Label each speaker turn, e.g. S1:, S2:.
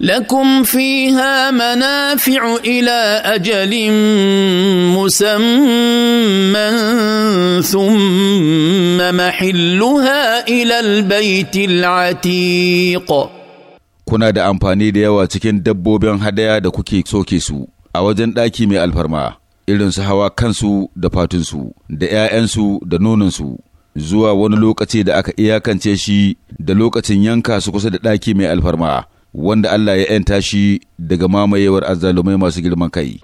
S1: لكم فيها منافع الى اجل مسمى ثم محلها الى البيت العتيق
S2: kuna da amfani da yawa cikin dabbobin hadaya da kuke soke su a wajen ɗaki mai alfarma irin su hawa kansu da fatunsu da 'ya'yansu da nonansu zuwa wani lokaci da aka iyakance shi da lokacin yanka su kusa da ɗaki mai alfarma wanda Allah ya ‘yanta shi daga mamayewar azzalumai masu girman kai.